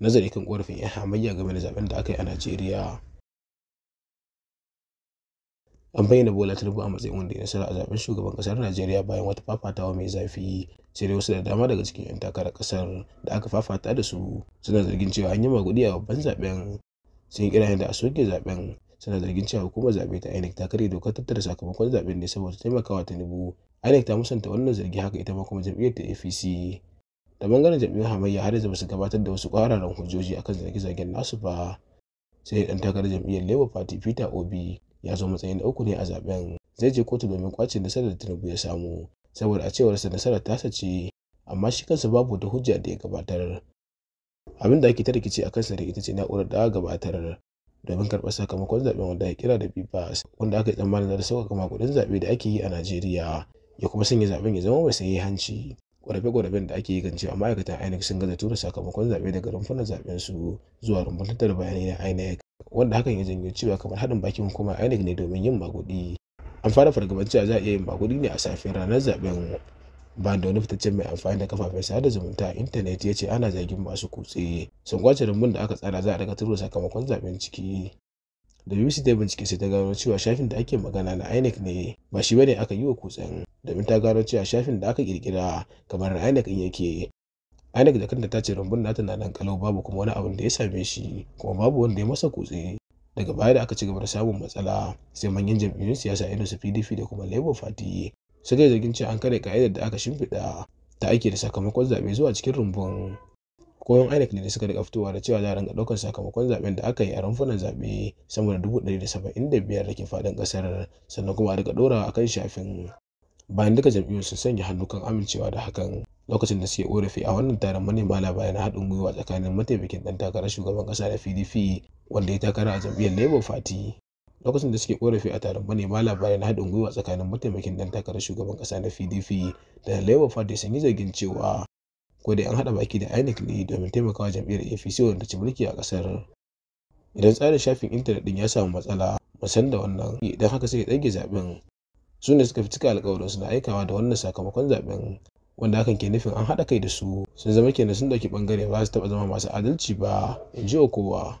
nazari kan korafin 'yan hamayya game da zaben da aka yi a najeriya an bayyana bola tinubu a matsayin wanda ya nasara a zaben shugaban kasar najeriya bayan wata fafatawa mai zafi sai dai wasu da dama daga cikin 'yan takarar kasar da aka fafata da su suna zargin cewa an yi magudi a babban zaben sun kira kirayen da a soke zaben suna zargin cewa hukumar zabe ta inec ta karya dokar tattara sakamakon zaben ne saboda taimakawa tinubu inec ta musanta wannan zargi haka ita ma kuma jam'iyyar ta apc da bangaren jami'an hamayya har yanzu ba su gabatar da wasu ƙwararren hujjoji akan zage-zagen nasu ba sai dan takarar jam'iyyar labour party peter obi ya zo matsayin da uku ne a zaben zai je kotu domin kwace nasarar da tinubu ya samu saboda a cewar sa nasarar tasa ce amma shi kansa babu wata hujja da ya gabatar abin da ake ta rikici a sa da ita ce na'urar da gabatar domin karɓar sakamakon zaɓen wanda ya kira da bibas wanda aka yi tsammanin da sauƙaƙa makudan zaɓe da ake yi a najeriya ya kuma sanya zaɓen ya zama mai sayi hanci ƙorafe-ƙorafen da ake yi kan cewa ma'aikatan inec sun gaza tura sakamakon zaɓe daga rumfunan zaɓen su zuwa rumfunan tattara bayanai na inec wanda hakan ya janyo cewa kamar haɗin bakin hukumar inec ne domin yin magudi. an fara fargaban cewa za a iya yin magudi ne a safiyar ranar zaɓen ba da wani fitaccen mai amfani da kafafen sada zumunta a intanet ya ce ana zagin masu kutse sun kwace rumbun da aka tsara za a daga turo sakamakon zaɓen ciki da BBC ta bincike sai ta gano cewa shafin da ake magana na INEC ne ba shi bane aka yi wa kutsen domin ta gano cewa shafin da aka kirkira kamar a INEC in yake INEC da kanta ta ce rumbun nata na nan kalau babu kuma wani abin da ya same shi kuma babu wanda ya masa kutse daga baya da aka ci gaba da samun matsala sai manyan jam'iyyun siyasa irin su PDP da kuma Labour Party suka yi zargin cewa an kare ka'idar da aka shimfiɗa ta aiki da sakamakon zaɓe zuwa cikin rumbun koyon inec ne suka rika fitowa da cewa za a rinka ɗaukar sakamakon zaben da aka yi a rumfunan zaɓe sama da dubu ɗari da saba'in da biyar da ke faɗin ƙasar sannan kuma a ɗora a akan shafin bayan duka jam'iyyun sun sanya hannu kan amincewa da hakan lokacin da suke ƙorafi a wannan taron manema labarai na haɗin gwiwa tsakanin mataimakin ɗan takarar shugaban ƙasa da pdp wanda ya takara a jam'iyyar labour party lokacin da suke korafi a taron manema labarai na haɗin gwiwa tsakanin mataimakin ɗan takarar shugaban ƙasa na pdp da labour party sun yi zargin cewa ko dai an haɗa baki da inec ne domin taimakawa jam'iyyar apc wanda ci mulki a kasar. idan tsarin shafin intanet ɗin ya samu matsala musan da wannan idan haka sai ya ɗage zaɓen su ne suka fi cika alkawarin suna aikawa da wannan sakamakon zaɓen wanda hakan ke nufin an haɗa kai da su sun zama kenan sun ɗauki ɓangare ba su taɓa zama masu adalci ba in ji kowa